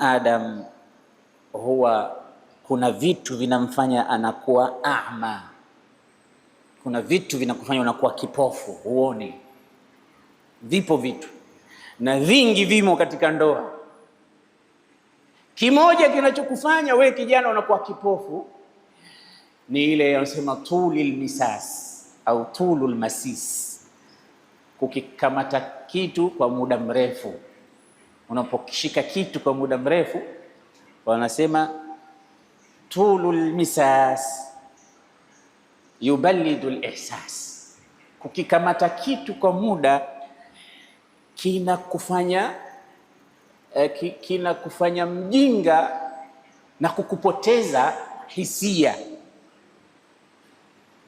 Adam huwa kuna vitu vinamfanya anakuwa ahma, kuna vitu vinakufanya unakuwa kipofu, huoni. Vipo vitu na vingi vimo katika ndoa. Kimoja kinachokufanya we kijana unakuwa kipofu ni ile yanasema tulil misas au tulul masis, kukikamata kitu kwa muda mrefu Unaposhika kitu kwa muda mrefu, wanasema tulul misas yubalidul ihsas, kukikamata kitu kwa muda kufanya eh, kufanya mjinga na kukupoteza hisia.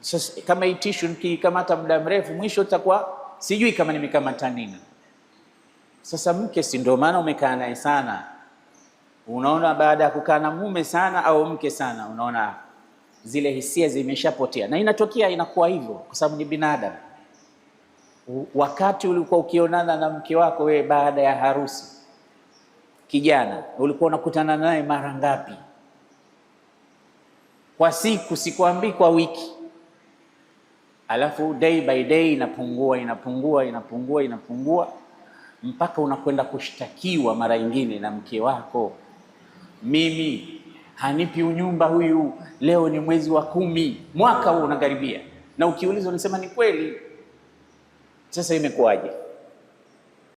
Sasa kama itishu nikikamata muda mrefu, mwisho utakuwa sijui kama nimekamata nini. Sasa mke, si ndio maana umekaa naye sana, unaona baada ya kukaa na mume sana au mke sana, unaona zile hisia zimeshapotea, na inatokea inakuwa hivyo kwa sababu ni binadamu. Wakati ulikuwa ukionana na mke wako wewe baada ya harusi, kijana, ulikuwa unakutana naye mara ngapi? Kwa siku, sikwambii kwa wiki. Alafu day by day inapungua, inapungua, inapungua, inapungua mpaka unakwenda kushtakiwa mara nyingine na mke wako. Mimi hanipi unyumba huyu, leo ni mwezi wa kumi, mwaka huu unakaribia, na ukiulizwa unasema ni kweli. Sasa imekuwaje?